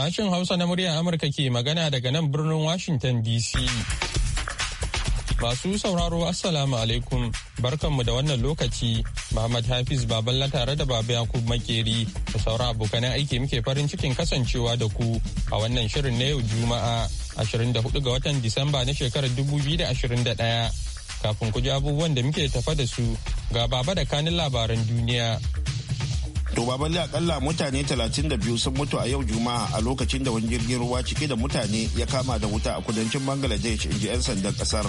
Sashen Hausa na muryar Amurka ke magana daga nan birnin Washington DC. Masu sauraro Assalamu alaikum barkanmu da wannan lokaci Muhammad Hafiz Baballa tare da Baba Yakub Makeri da saura abokan aiki muke farin cikin kasancewa da ku a wannan shirin na yau Juma'a 24 ga watan Disamba na shekarar 2021 kafin ku ji abubuwan da muke tafa da su ga Baba da kanin labaran duniya. to baballe akalla mutane 32 sun mutu a yau juma'a a lokacin da wani jirgin ruwa cike da mutane ya kama da wuta a kudancin bangladesh in ji 'yan sandan kasar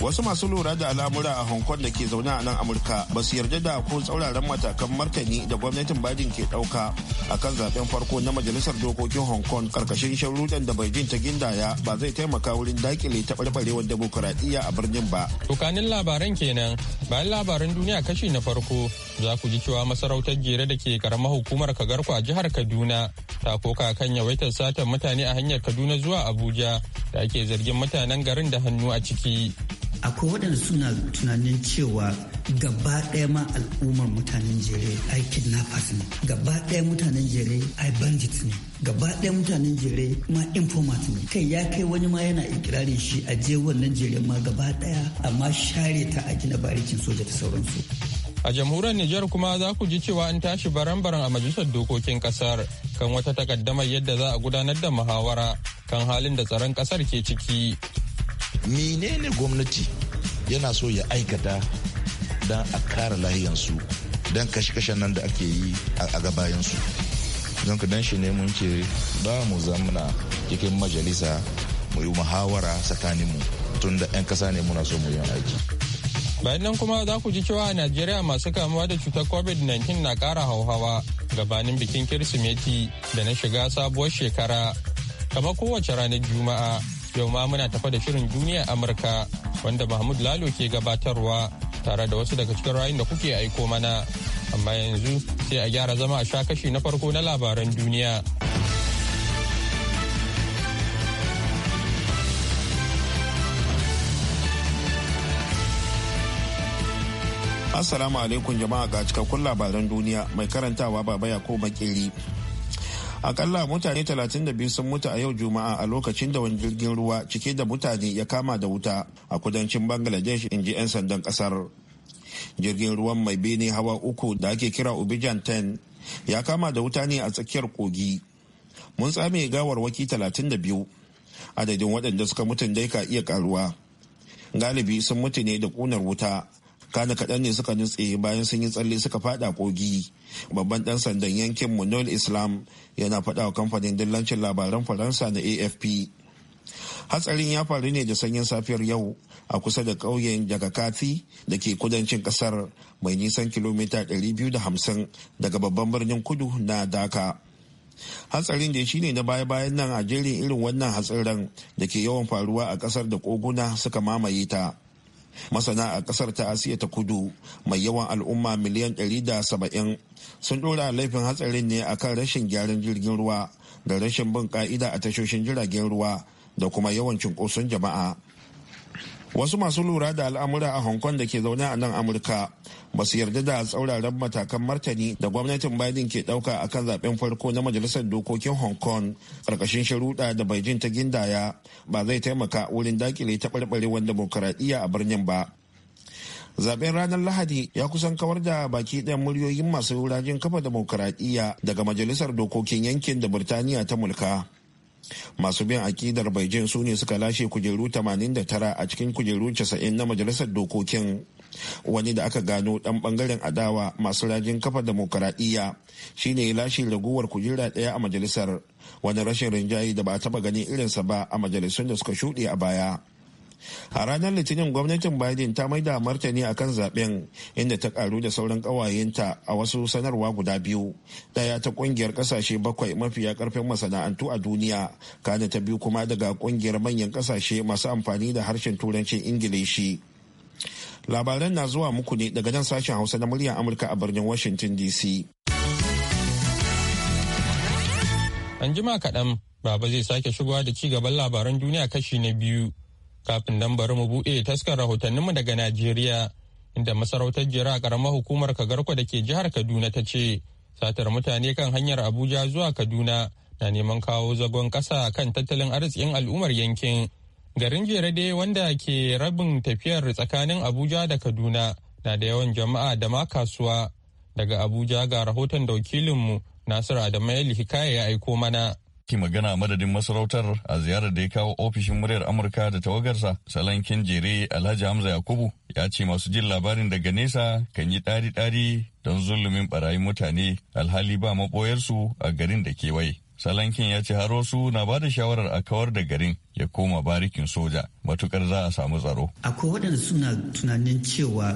wasu masu lura da al'amura a hong kong da ke zaune a nan amurka ba su yarda da ko tsauraran matakan martani da gwamnatin bajin ke dauka a kan zaben farko na majalisar dokokin hong kong karkashin sharuɗan da beijing ta gindaya ba zai taimaka wurin dakile taɓarɓarewar demokuraɗiyya a birnin ba tukanin labaran kenan bayan labaran duniya kashi na farko za ku ji cewa masarautar jere da ke karamar hukumar kagarku a jihar kaduna ta koka kan yawaitar satar mutane a hanyar kaduna zuwa abuja da ake zargin mutanen garin da hannu a ciki akwai waɗanda suna tunanin cewa gaba ɗaya ma al'ummar mutanen jere ai kidnappers ne gaba ɗaya mutanen jere ai bandit ne gaba ɗaya mutanen jere ma informat ne kai ya kai wani ma yana ikirarin shi a je wannan jere ma gaba ɗaya amma share ta a gina barikin soja ta sauransu a jamhuriyar Nijar kuma za ku ji cewa an tashi baran-baran a majalisar dokokin kasar kan wata takaddamar yadda za a gudanar da muhawara kan halin da tsaron kasar ke ciki menene gwamnati yana so ya aikata don a kare lahiyansu don kashe kashe nan da ake yi a gabayansu don don shi ne mun ce ba mu zamana cikin majalisa mu yi muhawara tsakaninmu tun da 'yan kasa ne muna so mu yi aiki bayan nan kuma za ku ji cewa a najeriya masu kamuwa da cutar covid-19 na kara hauhawa gabanin bikin kirsimeti da na shiga sabuwar shekara kamar kowace ranar juma'a Yau ma muna tafa da shirin duniya Amurka wanda Mahmud Lalo ke gabatarwa tare da wasu daga cikin rayun da kuke aiko mana. Amma yanzu sai a gyara zama a sha kashi na farko na labaran duniya. Assalamu alaikum jama'a ga cikakkun labaran duniya mai karantawa baba Yakubu Makeri. akalla mutane 32 sun mutu a yau juma'a a lokacin da wani jirgin ruwa cike da mutane ya kama da wuta a kudancin bangladesh in ji 'yan sandan kasar jirgin ruwan mai bene hawa uku da ake kira obijan 10 ya kama da wuta ne a tsakiyar kogi mun tsame waki 32 adadin waɗanda suka mutun dai ka iya karuwa galibi sun mutu ne da ƙunar wuta kana kaɗan ne suka nutse bayan sun yi tsalle suka fada kogi babban ɗan sandan yankin munol islam yana faɗa wa kamfanin dillancin labaran faransa na afp hatsarin ya faru ne da sanyin safiyar yau a kusa da ƙauyen jakakati da ke kudancin ƙasar mai nisan kilomita 250 daga babban birnin kudu na daka hatsarin da shine na baya-bayan nan a jerin irin wannan hatsarin da ke yawan faruwa a ƙasar da koguna suka mamaye ta masana a kasar ta asiya ta kudu mai yawan al'umma miliyan 170 sun dora laifin hatsarin ne akan rashin gyaran jirgin ruwa da rashin bin ka'ida a tashoshin jiragen ruwa da kuma yawan cunkoson jama'a wasu masu lura da al'amura a hong kong da ke zaune a nan amurka ba su yarda da tsauraran matakan martani da gwamnatin biden ke dauka kan zaben farko na majalisar dokokin hong kong karkashin sharuɗa da beijing ta gindaya ba zai taimaka wurin dakile taɓarɓarewar dimokuraɗiyya a birnin ba zaben ranar lahadi ya kusan kawar da baki ɗayan muryoyin masu rajin kafa demokuraɗiyya daga majalisar dokokin yankin da birtaniya ta mulka masu bin akidar beijing su ne suka lashe kujeru 89 a cikin kujeru 90 na majalisar dokokin wani da aka gano dan bangaren adawa masu rajin kafa demokaradiyya shine ya lashe raguwar kujera daya a majalisar wani rashin rinjaye da ba taba ganin irinsa ba a majalisun da suka shuɗe a baya a ranar litinin gwamnatin biden ta maida martani a kan zaben inda ta karu da sauran kawayenta a wasu sanarwa guda biyu daya ta kungiyar kasashe bakwai mafiya karfin masana'antu a duniya kana ta biyu kuma daga kungiyar manyan kasashe masu amfani da harshen turancin ingilishi labaran na zuwa muku ne daga nan sashen hausa na muryar amurka a birnin washington dc an jima kaɗan baba zai sake shigowa da ci gaban labaran duniya kashi na biyu Kafin nan bari mu buɗe taskar rahotanninmu daga Najeriya, inda masarautar jira a ƙaramar hukumar Kagarko da ke jihar Kaduna ta ce, satar mutane kan hanyar Abuja zuwa Kaduna na neman kawo zagon ƙasa kan tattalin arzikin al'ummar yankin. Garin jere dai wanda ke rabin tafiyar tsakanin Abuja da Kaduna na da yawan jama'a da ma kasuwa. Daga Abuja ga rahoton da wakilinmu Nasiru Adamu Hikaya ya aiko mana. Ki magana madadin masarautar a ziyarar da ya kawo ofishin muryar Amurka da tawagarsa salon jere Alhaji Hamza Yakubu ya ce masu jin labarin daga nesa kan yi ɗari-ɗari don zulumin barayin mutane alhali ba maɓoyarsu a garin da kewaye. Salankin ya ce har wasu na ba da shawarar a kawar da garin ya koma barikin soja matukar za a samu tsaro. Akwai waɗanda suna tunanin cewa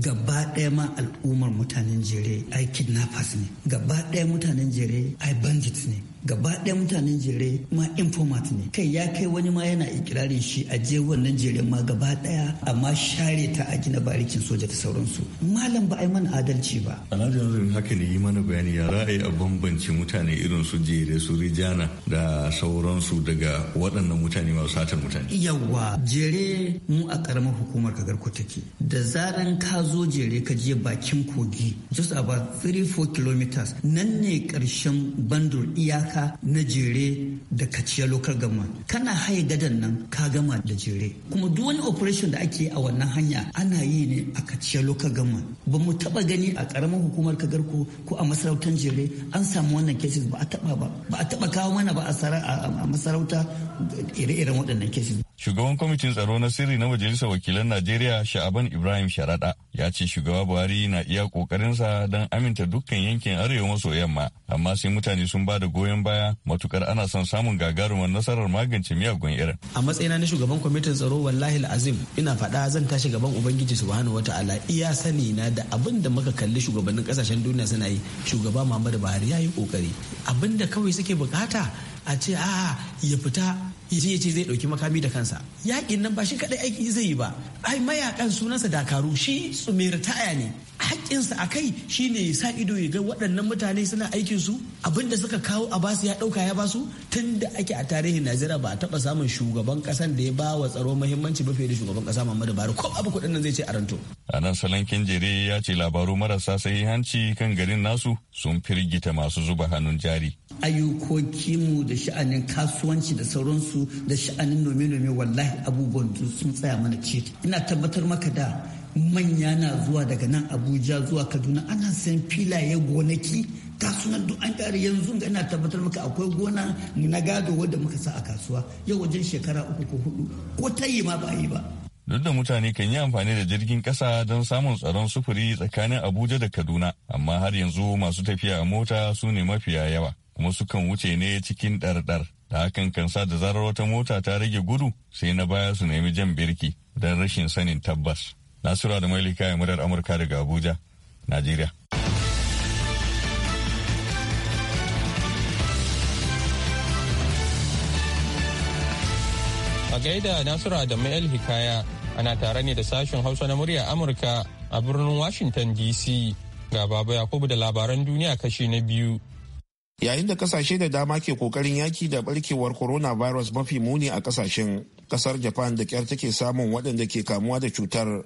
gaba ɗaya ma al'ummar mutanen jere ai kidnappers ne, gaba ɗaya mutanen jere ai bandits ne. gaba ɗaya mutanen jere ma informat ne kai ya kai wani ma yana ikirarin shi a je wannan jere ma gaba ɗaya amma share ta a gina barikin soja ta sauransu malam ba a yi mana adalci ba alhaji haka ne yi mana bayani ya ra'ayi a bambance mutane irin su jere su rijana da sauransu daga waɗannan mutane mutane masu satar mutane Yawwa jere mu a karamar hukumar kagar ku take da zaran ka zo jere ka je bakin kogi just about 3-4 kilometers nan ne karshen bandur iyaka na jere da kaciya lokar gama kana haye gadan nan ka gama da jere kuma duk wani operation da ake a wannan hanya ana yi ne a kaciya lokar gama ba mu taba gani a karamar hukumar kagar ko ko a masarautar jere an samu wannan cases ba a taba ba ba a taba kawo mana ba a masarauta ire irin waɗannan kesin. Shugaban kwamitin tsaro na sirri na Majalisar Wakilan Najeriya Sha'aban Ibrahim sharada ya ce shugaba Buhari na iya ƙoƙarinsa don aminta dukkan yankin arewa maso yamma amma sai mutane sun ba da goyon baya matukar ana son samun gagarumar nasarar magance miyagun irin. A matsayina na shugaban kwamitin tsaro wallahi azim ina faɗa zan tashi gaban Ubangiji Subhanahu ta'ala iya sani na da abin da muka kalli shugabannin kasashen duniya suna yi shugaba Muhammadu Buhari ya yi ƙoƙari abin da kawai suke bukata a ce a ya fita ya ce zai ɗauki makami da kansa yaƙin nan ba shi kaɗai aiki zai yi ba ai mayakan sunansa dakaru shi su ne haƙƙinsa a kai shine ya sa ido ya ga waɗannan mutane suna aikin su abinda suka kawo a basu ya ɗauka ya basu tun da ake a tarihin najeriya ba a taɓa samun shugaban ƙasan da ya ba wa tsaro muhimmanci ba fiye da shugaban ƙasa muhammadu buhari ko abu kuɗin nan zai ce a ranto. a nan salankin jere ya ce labaru marasa hanci kan garin nasu sun firgita masu zuba hannun jari. ayyukokinmu da sha'anin kasuwanci da sauransu da sha'anin nome-nome wallahi abubuwan sun tsaya mana ce ina tabbatar maka da manya na zuwa daga nan abuja zuwa kaduna ana san filaye gonaki kasuwan duk an ƙare yanzu ga ina tabbatar maka akwai gona na gado wadda muka sa a kasuwa yau wajen shekara uku ko hudu ko ta yi ma ba yi ba. duk da mutane kan yi amfani da jirgin kasa don samun tsaron sufuri tsakanin abuja da kaduna amma har yanzu masu tafiya a mota su ne mafiya yawa kuma sukan wuce ne cikin ɗarɗar da hakan kan sa da zarar wata mota ta rage gudu sai na baya su nemi jan birki don rashin sanin tabbas. Nasura da Mailika ya murar Amurka daga Abuja, Najeriya. A gaida Nasura da Mail Hikaya ana tare ne da sashen Hausa na murya Amurka a birnin Washington DC ga Baba Yakubu da labaran duniya kashi na biyu. Yayin da kasashe da dama ke kokarin yaki da barkewar coronavirus mafi muni a kasashen kasar Japan da kyar take samun waɗanda ke kamuwa da cutar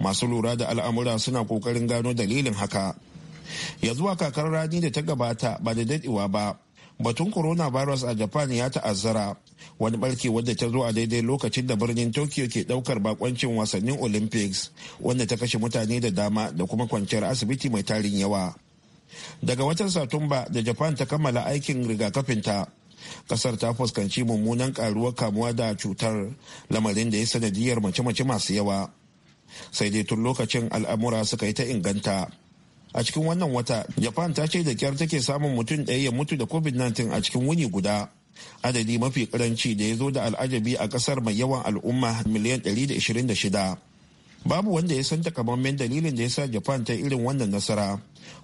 masu lura da al'amura suna kokarin gano dalilin haka ya zuwa kakar rani da ta gabata ba da dadewa ba batun corona virus a japan ya ta'azzara wani barke wadda ta zo a daidai lokacin da birnin tokyo ke daukar bakoncin wasannin olympics wanda ta kashe mutane da dama da kuma kwanciyar asibiti mai tarin yawa daga watan satumba da japan ta kammala aikin rigakafinta kasar ta fuskanci mummunan karuwar kamuwa da cutar lamarin da ya sanadiyar mace-mace masu yawa sai dai tun lokacin al'amura suka yi ta inganta a cikin wannan wata japan ta ce da kyar take samun mutum ɗaya ya mutu da covid-19 a cikin wuni guda adadi mafi karanci da ya zo da al'ajabi a kasar mai yawan al'umma miliyan 126 babu wanda ya san takamammen dalilin da ya sa japan ta irin wannan nasara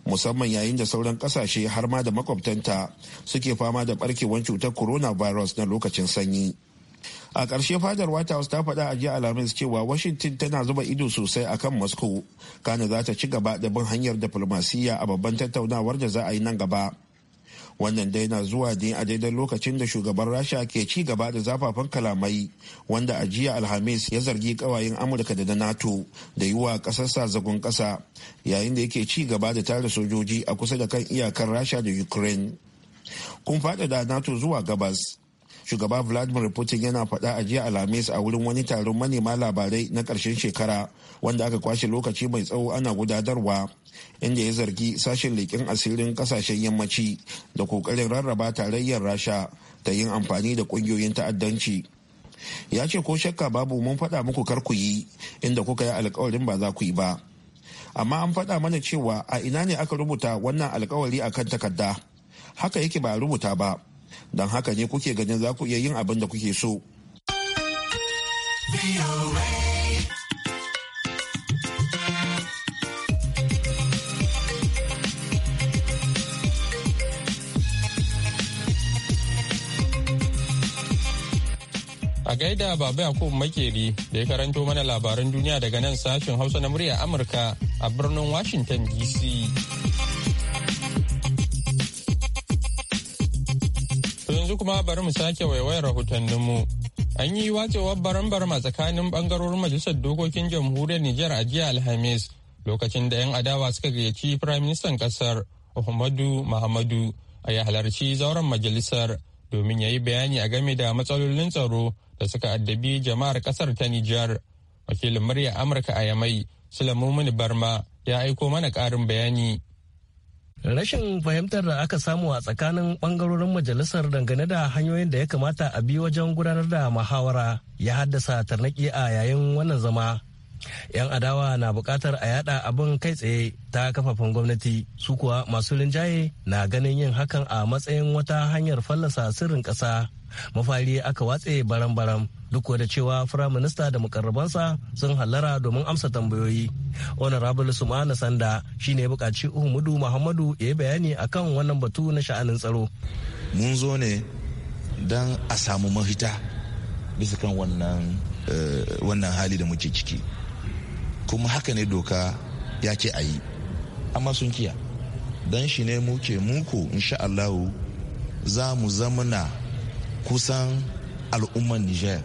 musamman yayin da sauran kasashe har ma da makwabtanta suke fama da barkewar cutar coronavirus na lokacin sanyi a ƙarshe fadar white house ta faɗa a jiya alhamis cewa washington tana zuba ido sosai a kan moscow kana za ta ci gaba da bin hanyar diflomasiyya a babban tattaunawar da za a yi nan gaba wannan dai na zuwa ne a daidai lokacin da shugaban rasha ke ci gaba da zafafan kalamai wanda a jiya alhamis ya zargi kawayen amurka da na nato da yi wa ƙasarsa zagon ƙasa yayin da yake ci gaba da tare sojoji a kusa da kan iyakar rasha da ukraine kun faɗaɗa nato zuwa gabas shugaba vladimir putin yana faɗa a jiya alhamis a wurin wani taron manema labarai na ƙarshen shekara wanda aka kwashe lokaci mai tsawo ana gudadarwa inda ya zargi sashen leƙen asirin ƙasashen yammaci da kokarin rarraba tarayyar rasha ta yin amfani da ƙungiyoyin ta'addanci ya ce ko shakka babu mun faɗa muku kar ku yi inda kuka yi alkawarin ba za ku yi ba amma an faɗa mana cewa a ina ne aka rubuta wannan alkawari akan takarda haka yake ba a rubuta ba don haka ne kuke ganin za ku iya yin abin da kuke so. A gaida Baba Yakub Makeri da ya karanto mana labaran duniya daga nan sashen Hausa na murya Amurka a birnin Washington DC. yanzu kuma bari mu sake waiwayar rahotanninmu. An yi wacewar barambaram barama tsakanin bangarorin majalisar dokokin jamhuriyar Nijar a jiya Alhamis lokacin da 'yan adawa suka gayyaci firaministan ƙasar Muhammadu Muhammadu a ya halarci zauren majalisar domin ya yi bayani a game da matsalolin tsaro da suka addabi jama'ar ƙasar ta Nijar. Wakilin murya Amurka a Yamai, Sulamu Barma ya aiko mana ƙarin bayani. rashin fahimtar da aka samu a tsakanin bangarorin majalisar dangane da hanyoyin da ya kamata a bi wajen gudanar da muhawara ya haddasa tarnaki a yayin wannan zama yan adawa na bukatar a yada abin kai tsaye ta kafafen gwamnati su kuwa masu rinjaye na ganin yin hakan a matsayin wata hanyar fallasa sirrin ƙasa mafari aka watse baram-baram duk da cewa firaminista da mukarrabansa sun hallara domin amsa tambayoyi honorable sumana sanda shine bukaci umudu muhammadu ya yi bayani akan wannan batu na sha'anin tsaro mun zo ne don a samu mafita bisa kan eh, wannan hali da muke ciki kuma haka ne doka ya ce a yi amma sun kiya don shi ne muke muku insha Allahu za mu zamana kusan al'ummar nijar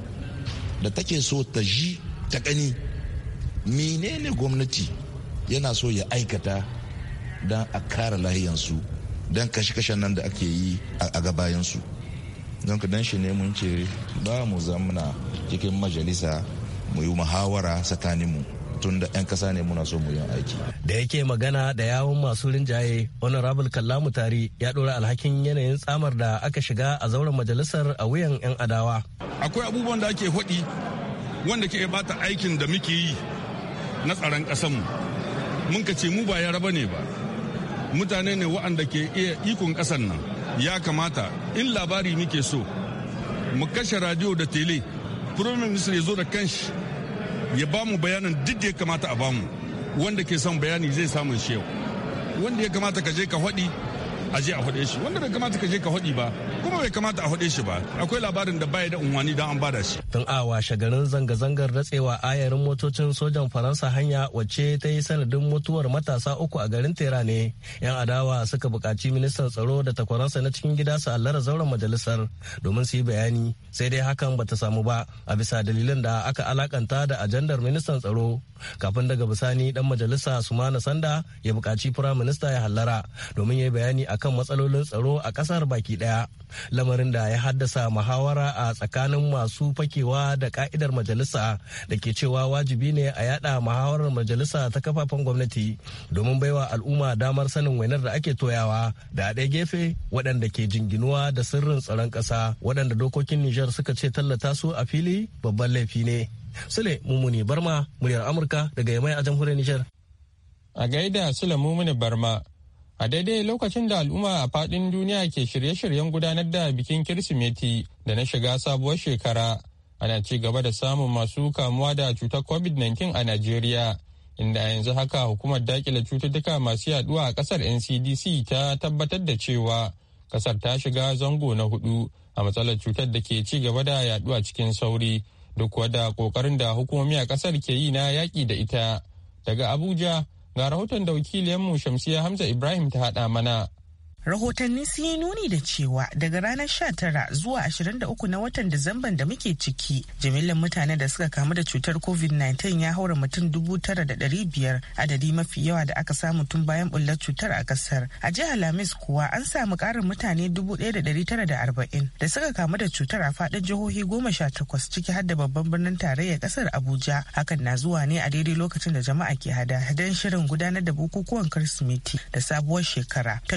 da take so ta ji ta gani menene gwamnati yana so ya aikata don a kare lahiyansu don kashe-kashen nan da ake yi a gabayansu don don shi ne mun ce ba mu zamana cikin majalisa mu yi muhawara tsakaninmu tun da 'yan kasa ne muna so mu yin aiki. Da yake magana da yawon masu rinjaye, Honorable Kallamu Tari ya ɗora alhakin yanayin tsamar da aka shiga a zauren majalisar a wuyan 'yan adawa. Akwai abubuwan da ake faɗi wanda ke bata aikin da muke yi na tsaron mu. Mun ka ce mu ba yara ba ne ba. Mutane ne waɗanda ke iya ikon kasan nan. Ya kamata in labari muke so mu kashe radio da tele. Prime Minister ya zo da kanshi ya ba mu bayanin duk da ya kamata a bamu wanda ke son bayani zai samun shi wanda ya kamata ka je ka faɗi a je a hode shi wanda bai kamata ka je ka hodi ba kuma bai kamata a hode shi ba akwai labarin da baya da unwani don an bada shi. tun awa shagarin zanga-zangar datsewa ayarin motocin sojan faransa hanya wacce ta yi sanadin mutuwar matasa uku a garin tera ne yan adawa suka bukaci ministan tsaro da takwaransa na cikin gida su allara zauren majalisar domin su yi bayani sai dai hakan bata samu ba a bisa dalilin da aka alakanta da ajandar ministan tsaro kafin daga bisani dan majalisa sumana sanda ya bukaci firaminista ya hallara domin ya yi bayani a akan matsalolin tsaro a kasar baki daya lamarin da ya haddasa muhawara a tsakanin masu fakewa da ka'idar majalisa da ke cewa wajibi ne a yada muhawarar majalisa ta kafafen gwamnati domin baiwa al'umma damar sanin wainar da ake toyawa da a ɗaya gefe waɗanda ke jinginuwa da sirrin tsaron ƙasa waɗanda dokokin Nijar suka ce tallata su a fili babban laifi ne. Sule Mumuni Barma, muryar Amurka daga Yamai a jamhuriyar Nijar. A gaida Sule Mumuni Barma, a daidai lokacin da al'umma a faɗin duniya ke shirye-shiryen gudanar da bikin kirsimeti da na shiga sabuwar shekara ana ci gaba da samun masu kamuwa da cutar covid-19 a najeriya inda yanzu haka hukumar dakile cututtuka masu yaduwa a ƙasar ncdc ta tabbatar da cewa ƙasar ta shiga zango na hudu a matsalar cutar da ke ci gaba da yaduwa cikin sauri duk da ƙoƙarin da hukumomi a ƙasar ke yi na yaƙi da ita daga abuja Ga rahoton da wakiliyanmu Shamsiya Hamza Ibrahim ta haɗa mana Rahotanni sun yi nuni da cewa daga ranar 19 zuwa 23 na watan Disamban da muke ciki, jimillar mutane da suka kamu da cutar COVID-19 ya haura mutum 9,500 adadi mafi yawa da aka samu tun bayan bullar cutar a kasar. A jihar Lamis kuwa an samu karin mutane 1,940 da suka kamu da cutar a faɗin jihohi 18 ciki har da babban birnin tarayyar kasar Abuja. Hakan na zuwa ne a daidai lokacin da jama'a ke hada-hadan shirin gudanar da bukukuwan Kirsimeti da sabuwar shekara ta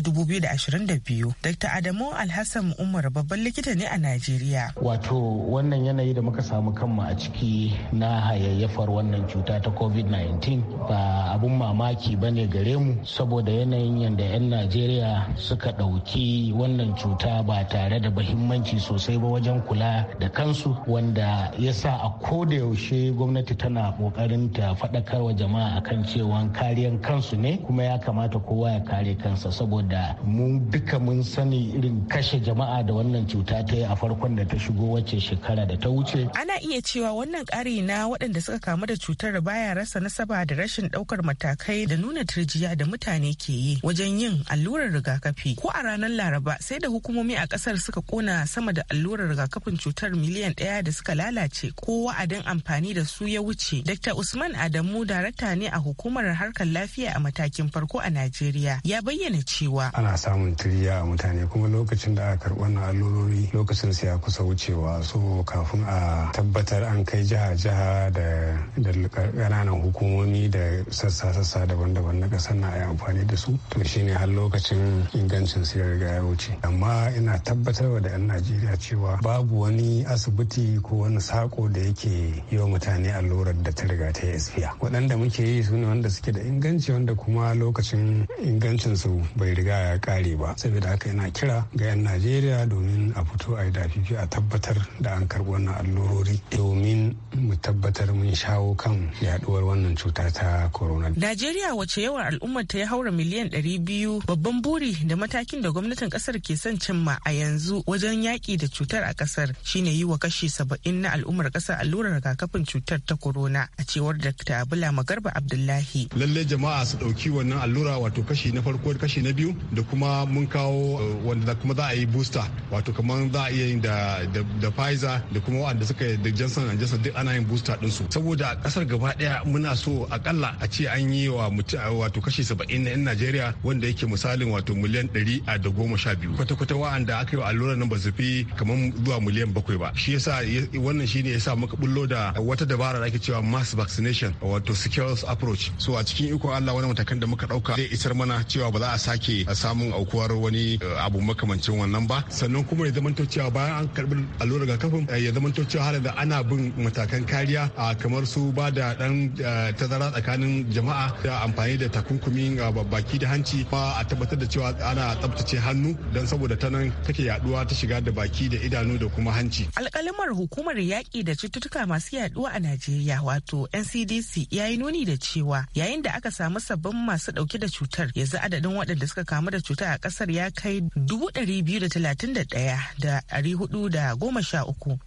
2022. Dr. Adamu Alhassan Umar babban likita ne a Najeriya. Wato wannan yanayi da muka samu kanmu a ciki na hayayyafar wannan cuta ta COVID-19 ba abun mamaki ba ne gare mu saboda yanayin yadda 'yan Najeriya suka ɗauki wannan cuta ba tare da bahimmanci sosai ba wajen kula da kansu wanda ya sa a yaushe gwamnati tana ƙoƙarin ta faɗakar wa jama'a akan cewa kariyan kansu ne kuma ya kamata kowa ya kare kansa saboda mu mu duka mun sani irin kashe jama'a da wannan cuta ta yi a farkon da ta shigo wacce shekara da ta wuce. Ana iya cewa wannan ƙari na waɗanda suka kamu da cutar baya rasa nasaba da rashin ɗaukar matakai da nuna turjiya da mutane ke yi wajen yin allurar rigakafi. Ko a ranar Laraba sai da hukumomi a ƙasar suka ƙona sama da allurar rigakafin cutar miliyan ɗaya da suka lalace ko wa'adin amfani da su ya wuce. Dr. Usman Adamu darakta ne a hukumar harkar lafiya a matakin farko a Najeriya ya bayyana cewa. Ana samun tiriya a mutane kuma lokacin da aka karɓi wannan allurori lokacin sai ya kusa wucewa so kafin a tabbatar an kai jiha-jiha da ƙananan hukumomi da sassa-sassa daban-daban na ƙasar na yi amfani da su to shine har lokacin ingancin sai riga ya wuce amma ina tabbatar wa da 'yan najeriya cewa babu wani asibiti ko wani sako da yake yi wa mutane allurar da ta riga ta yi espiya waɗanda muke yi su ne wanda suke da inganci wanda kuma lokacin ingancinsu bai riga ya ƙare kare ba saboda haka yana kira ga 'yan najeriya domin a fito a yi dafifi a tabbatar da an karɓi wannan allurori domin mu tabbatar mun shawo kan yaduwar wannan cuta ta corona. najeriya wace yawan al'ummar ta ya haura miliyan 200 babban buri da matakin da gwamnatin kasar ke son cimma a yanzu wajen yaki da cutar a kasar shine yi wa kashi saba'in na al'ummar kasar allurar rigakafin cutar ta corona a cewar dr abula magarba abdullahi lallai jama'a su ɗauki wannan allura wato kashi na farko kashi na biyu da kuma kuma mun kawo uh, wanda kuma za a yi booster wato kamar za a iya yin da da Pfizer da kuma wanda suka yi da Johnson and Johnson duk ana yin booster din su saboda kasar gaba daya muna so akalla a ce an yi wa wato kashi 70 na 'yan Najeriya wanda yake misalin wato miliyan 100 a da goma sha biyu kwata-kwata waɗanda aka yi wa allura nan ba su fi kamar zuwa miliyan bakwai ba shi yasa wannan shine yasa muka bullo da wata dabara da ake cewa mass vaccination wato skills approach so a cikin iko Allah wani matakan da muka dauka zai isar mana cewa ba za a sake samun aukuwar wani eh, abu makamancin wannan ba sannan kuma ya zamanto cewa bayan an karbi allurar kafin eh, ya zamanto cewa har da ana bin matakan kariya a kamar su ba da dan eh, tazara tsakanin jama'a da amfani da takunkumi baki da hanci ba a tabbatar da cewa ana tsabtace hannu don saboda ta nan take yaduwa ta shiga da baki da idanu da kuma hanci. Alƙalimar hukumar yaƙi da cututtuka masu yaduwa a Najeriya wato NCDC ya yi nuni da cewa yayin da aka samu sabbin masu ɗauke da cutar yanzu adadin waɗanda suka kamu da cutar a kasar ya kai 231,413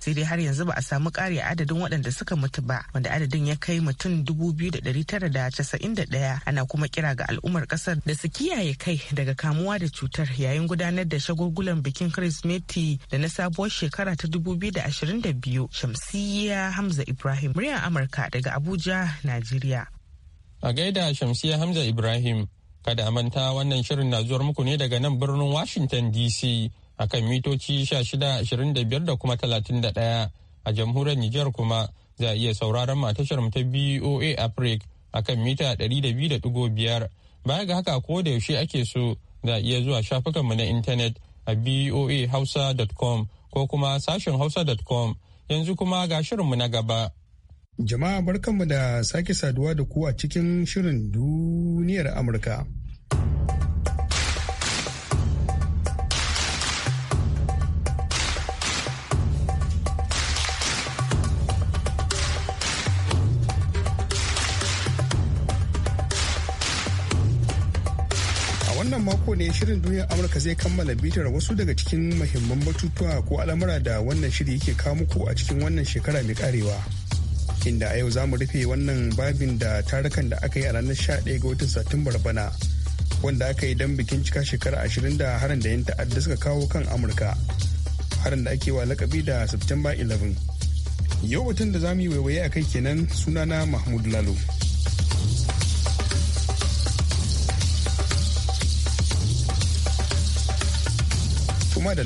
sai dai har yanzu ba a samu a adadin waɗanda suka mutu ba wanda adadin ya kai mutum 2,991 ana kuma kira ga al'ummar kasar da su kiyaye kai daga kamuwa da cutar yayin gudanar da shagulgulan bikin Kirsimeti da na sabuwar shekara ta 2022 Shamsiyya Hamza Ibrahim muryar Amurka daga Abuja, Najeriya. A gaida Shamsiyya Hamza Ibrahim Kada a manta wannan shirin na zuwar muku ne daga nan birnin Washington DC akan mitoci 1625 da kuma 31 a jamhuriyar Nijar kuma za a iya sauraron tashar mu ta BOA Africa akan mita 200.5 baya ga haka ko da yaushe ake so za a iya zuwa shafukanmu na intanet a boahausa.com ko kuma sashen hausa.com yanzu kuma ga shirinmu na gaba. Jama'a barkanmu da sake saduwa da ku a cikin shirin duniyar Amurka. mako ne shirin duniyar amurka zai kammala bitar wasu daga cikin mahimman batutuwa ko al'amura da wannan shiri yake kawo muku a cikin wannan shekara mai karewa. inda a yau zamu rufe wannan babin da tarukan da aka yi a ranar 11 ga watan satumbar bana wanda aka yi don bikin cika shekara ashirin da harin da 'yan ta'adda suka kawo kan amurka harin da ake wa lakabi da september 11 yau batun da zamu yi waiwaye a kai kenan sunana mahmud lalo kuma da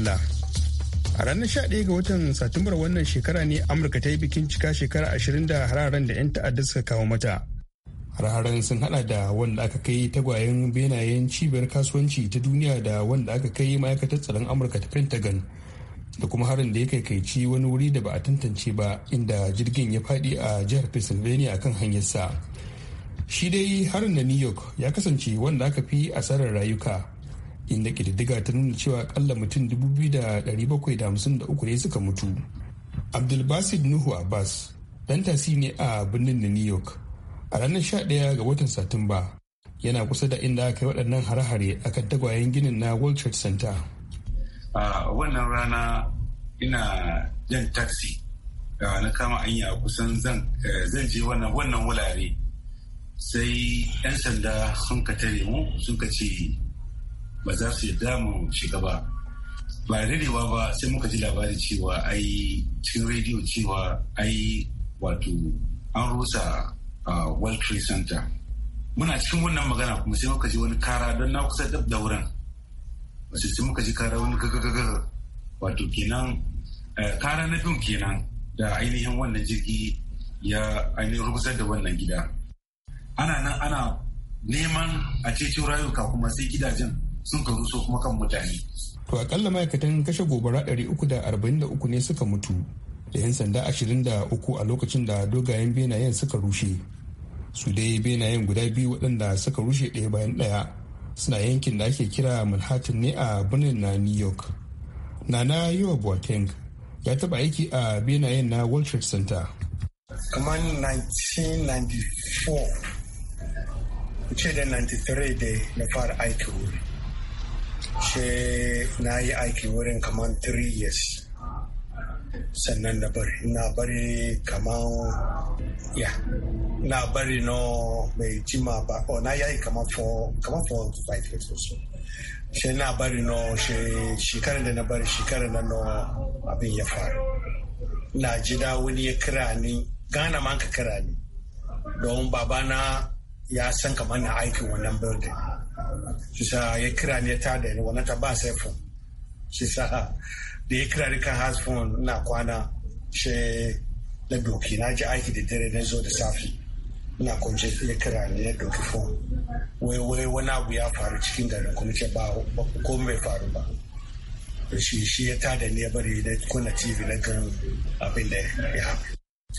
a ranar 11 ga watan satumbar wannan shekara ne amurka ta yi bikin cika shekara ashirin da hararen da 'yan ta'adda suka kawo mata hararen sun hada da wanda aka kai tagwayen benayen cibiyar kasuwanci ta duniya da wanda aka kai ma'aikatar tsaron amurka ta pentagon da kuma harin da ya kaikaici wani wuri da ba a tantance ba inda jirgin ya fadi a jihar pennsylvania akan hanyarsa shi dai harin na new york ya kasance wanda aka fi asarar rayuka inda ƙididdiga ta nuna cewa akalla mutum 2,753 ne suka mutu. Abdulbasid Nuhu Abbas ɗan tasi ne a birnin New York a ranar 11 ga watan Satumba yana kusa da inda aka yi waɗannan hare-hare a kan tagwayen ginin na World Trade Center. A wannan rana ina jan taxi na kama anya kusan eh, zan je wannan wannan wulare sai 'yan sanda sun ka tare mu sun ka ce ba za su yadda mu shiga ba ba dadewa ba sai muka ji labari cewa ai cikin rediyo cewa ai wato an rusa a world trade center muna cikin wannan magana kuma sai muka ji wani kara don na kusa da wurin wasu sai muka ji kara wani gagagagar wato kenan kara na bin kenan da ainihin wannan jirgi ya ainihin rubutar da wannan gida ana nan ana neman a ceto rayuka kuma sai gidajen sun karu ruso kuma kan mutane. To akalla ma'aikatan kashe gobara ɗari da 343 ne suka mutu da 'yan sanda 23 a lokacin da dogayen benayen suka rushe. Su dai benayen guda biyu waɗanda suka rushe ɗaya bayan ɗaya suna yankin da ake kira Manhattan ne a birnin na New York. Nana Yawa Boateng ya taɓa aiki a benayen na World Trade Center. Kamar 1994, ce da 93 da na fara aiki wuri. ce na yi aiki wurin kamar 3 years sannan na bari na bari kamar ya na bari no mai jima ba o oh, na yi kamar 4 kamar 4 to 5 years or so she na bari no she shekarar da na bari shekarar da no abin ya faru na ji da wani ya kira ni gana ma ka kira ni don babana ya san kamar na aikin wannan birnin shi sa ya kira ne ta da ni wannan ta ba sai fun shi sa da ya kira ni kan has phone kwana shi na doki na ji aiki da dare na zo da safi ina kunce ya kira ni ya doki fun wai wai wani abu ya faru cikin garin kuma ce ba ko bai faru ba shi shi ya da ne ya bari da kuna tv na gan abin da ya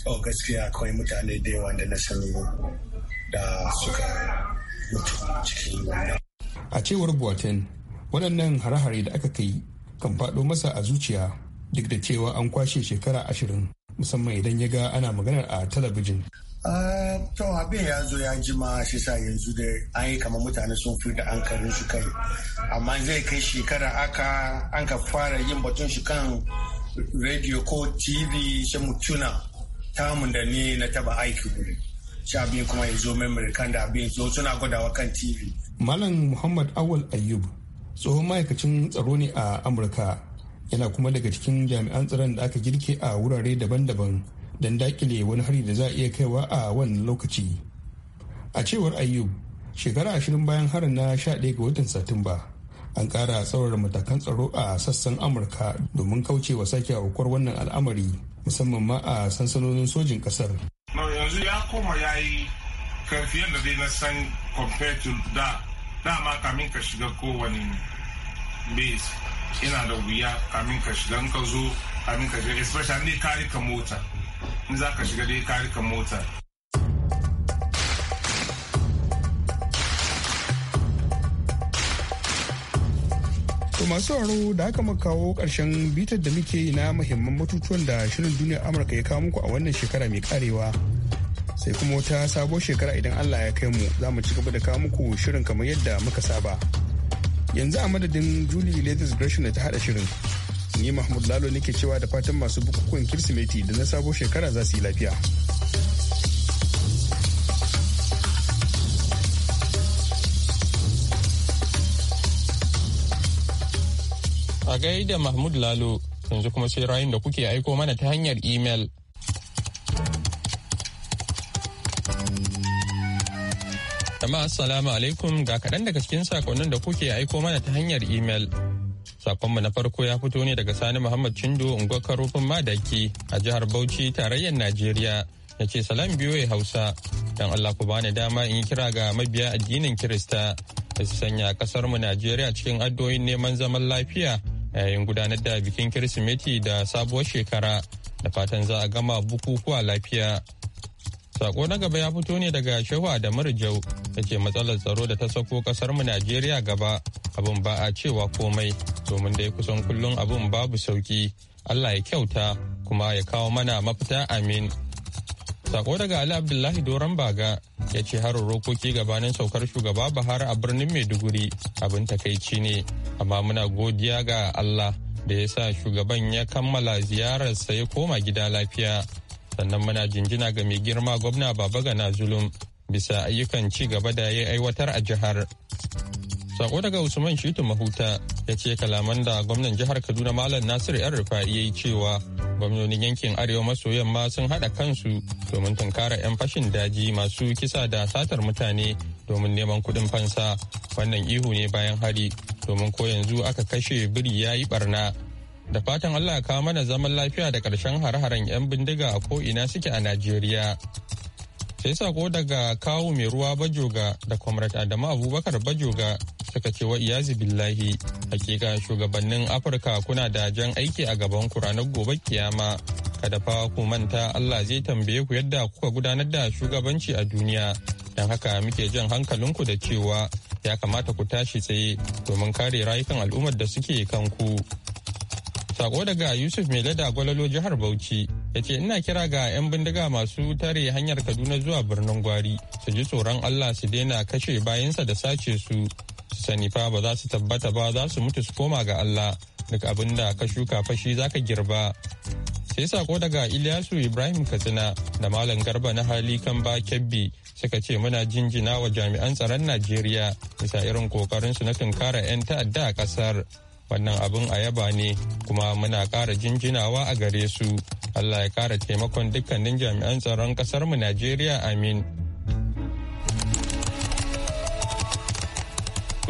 Oh, gaskiya akwai mutane da yawa da na sanu da suka mutu cikin wannan. A cewar Buwaten, waɗannan hare-hare da aka kai kan faɗo masa a zuciya duk da cewa an kwashe shekara ashirin musamman idan ya ga ana maganar a talabijin. Ah, to abin ya zo ya jima shi sa yanzu da an yi kamar mutane sun fi da ankarin su kai amma zai kai shekara aka an ka fara yin batun shi kan radio ko tv shi mutuna tamun da ni na taba aiki wuri shi abin kuma ya zo mai da abin zo suna gwadawa kan tv malam muhammad awal ayyub tsohon ma'aikacin tsaro ne a amurka yana kuma daga cikin jami'an tsaron da aka girke a wurare daban-daban don dakile wani hari da za a iya kaiwa a wannan lokaci a cewar ayyub shekara ashirin bayan harin na 11 ga watan satumba an kara tsawar matakan tsaro a sassan amurka domin kaucewa sake aukuwar wannan al'amari musamman ma a sansanonin sojin kasar no yanzu ya koma ya yi karfi yadda dai na san kompetu to da dama kamin ka shiga kowane base ina da wuya kamin ka shiga in ka zo kamin ka shiga especially ne kari ka mota in za ka shiga dai kari ka mota To masu sauraro da aka muka kawo ƙarshen bitar da muke na muhimman batutuwan da shirin duniyar Amurka ya kawo muku a wannan shekara mai karewa. Sai kuma wata sabuwar shekara idan Allah ya kai mu za mu ci gaba da kawo muku shirin kamar yadda muka saba. Yanzu a madadin Julie Latest Gresham da ta hada shirin. Ni Mahmud Lalo nake cewa da fatan masu bukukuwan Kirsimeti da na sabon shekara za su yi lafiya. A da Mahmud Lalo, yanzu kuma sai rayun da kuke aiko mana ta hanyar imel. Tama assalamu alaikum ga kaɗan daga cikin sakonnin da kuke aiko mana ta hanyar imel. Sakonmu na farko ya fito ne daga Sani Muhammad Chindo unguwar Karofin Madaki a jihar Bauchi tarayyar Najeriya. Ya ce salam ya Hausa, don Allah ku bani dama in yi kira ga mabiya addinin Kirista da su sanya kasarmu Najeriya cikin addu'oyin neman zaman lafiya yayin gudanar da bikin kirsimeti da sabuwar shekara da fatan za a gama bukukuwa lafiya sako na gaba ya fito ne daga shehu da marjau da ce matsalar tsaro da ta sako kasar mu najeriya gaba abin ba a cewa komai domin dai kusan kullum abin babu sauki allah ya kyauta kuma ya kawo mana mafita amin Sako daga Ali Abdullahi Doron Baga ya ce harin rokoki gabanin saukar shugaba Buhari a birnin Maiduguri abin takaici ne, amma muna godiya ga Allah da ya sa shugaban ya kammala ziyararsa ya koma gida lafiya. Sannan muna jinjina ga mai girma gwamna Baba Gana Zulum bisa ayyukan ci gaba da ya aiwatar a jihar. Sako daga Usman Shitu Mahuta ya ce kalaman da gwamnan jihar Kaduna Malam Nasir ‘yan rufa'i ya yi cewa gwamnonin yankin Arewa maso yamma sun haɗa kansu domin tunkara 'yan fashin daji masu kisa da satar mutane domin neman kuɗin fansa. Wannan ihu ne bayan hari domin ko yanzu aka kashe biri ya yi barna. Da fatan Allah ya kawo mana zaman lafiya da ƙarshen hare-haren 'yan bindiga a ko'ina suke a Najeriya. sai sako daga kawo mai ruwa bajoga da comrade adamu abubakar bajoga suka ce wa iyazi billahi hakika shugabannin afirka kuna da jan aiki a gaban ku ranar gobe kiyama kada fa ku manta allah zai tambaye ku yadda kuka gudanar da shugabanci a duniya don haka muke jan hankalinku da cewa ya kamata ku tashi tsaye domin kare rayukan al'ummar da suke kanku Sako daga Yusuf mai lada gwalalo jihar Bauchi ya ce ina kira ga 'yan bindiga masu tare hanyar Kaduna zuwa birnin Gwari su ji tsoron Allah su daina kashe bayansa da sace su su sani fa ba za su tabbata ba za su mutu su koma ga Allah duk abin da ka shuka fashi za ka girba. Sai sako daga Ilyasu Ibrahim Katsina da Malam Garba na hali kan ba kebbi suka ce muna jinjina wa jami'an tsaron Najeriya bisa irin kokarinsu na tunkara 'yan ta'adda a ƙasar. wannan abin a yaba ne kuma muna kara jinjinawa a gare su allah ya kara taimakon dukkanin jami'an tsaron ƙasarmu najeriya amin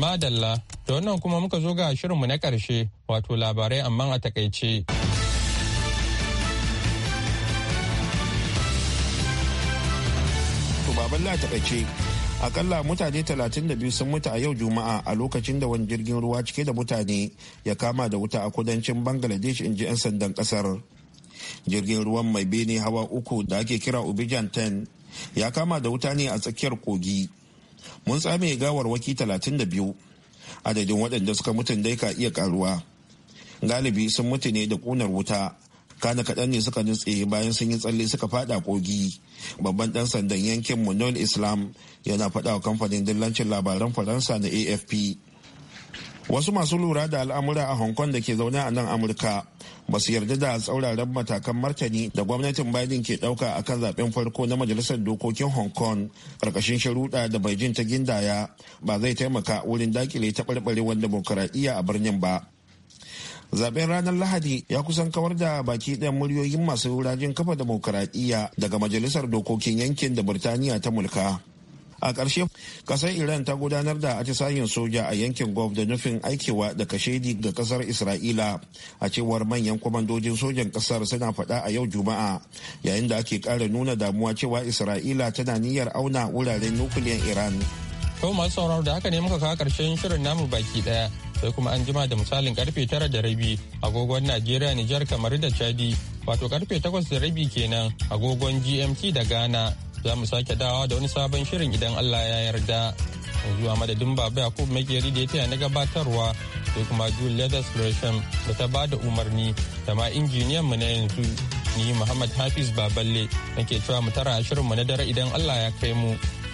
madalla da wannan kuma muka zo ga shirinmu na ƙarshe wato labarai amma a takaice baballa a takaice akalla mutane 32 sun mutu a yau juma'a a lokacin da wani jirgin ruwa cike da mutane ya kama da wuta a kudancin bangladesh in ji 'yan sandan kasar jirgin ruwan mai bene hawa uku da ake kira ubijan 10 ya kama da wuta ne a tsakiyar kogi mun tsame gawarwaki 32 adadin waɗanda suka mutun dai ka iya karuwa galibi sun mutu ne da ƙunar wuta kana kaɗan ne suka nutse bayan sun yi tsalle suka fada kogi babban dan sandan yankin munon islam yana faɗa wa kamfanin dillancin labaran faransa na afp wasu masu lura da al'amura a hong kong da ke zaune a nan amurka ba su yarda da tsauraran matakan martani da gwamnatin biden ke ɗauka a kan zaben farko na majalisar dokokin hong kong karkashin sharuɗa da beijing ta gindaya ba zai taimaka wurin dakile taɓarɓarewar demokuraɗiyya a birnin ba zaben ranar lahadi ya kusan kawar da baki ɗayan muryoyin masu rajin kafa demokuraɗiyya daga majalisar dokokin yankin da birtaniya ta mulka a ƙarshe ƙasar iran ta gudanar da atisayen soja a yankin gov da nufin aikewa da kashedi ga ƙasar isra'ila a cewar manyan kwamandojin sojan ƙasar suna faɗa a yau juma'a yayin da ake ƙara nuna damuwa cewa isra'ila tana niyyar auna wuraren nukiliyan iran To masu sauraro da haka ne muka kawo karshen shirin namu baki ɗaya. sai kuma an jima da misalin karfe tara da rabi agogon Najeriya Nijar kamar da Chadi wato karfe takwas da rabi kenan agogon GMT da Ghana za mu sake dawa da wani sabon shirin idan Allah ya yarda. Yanzu a madadin Baba Yakub Makeri da ya taya na gabatarwa sai kuma Julie Leathers Gresham da ta bada umarni da ma injiniyan mu na yanzu ni Muhammad Hafiz Baballe nake cewa mu tara shirin mu na dare idan Allah ya kai mu.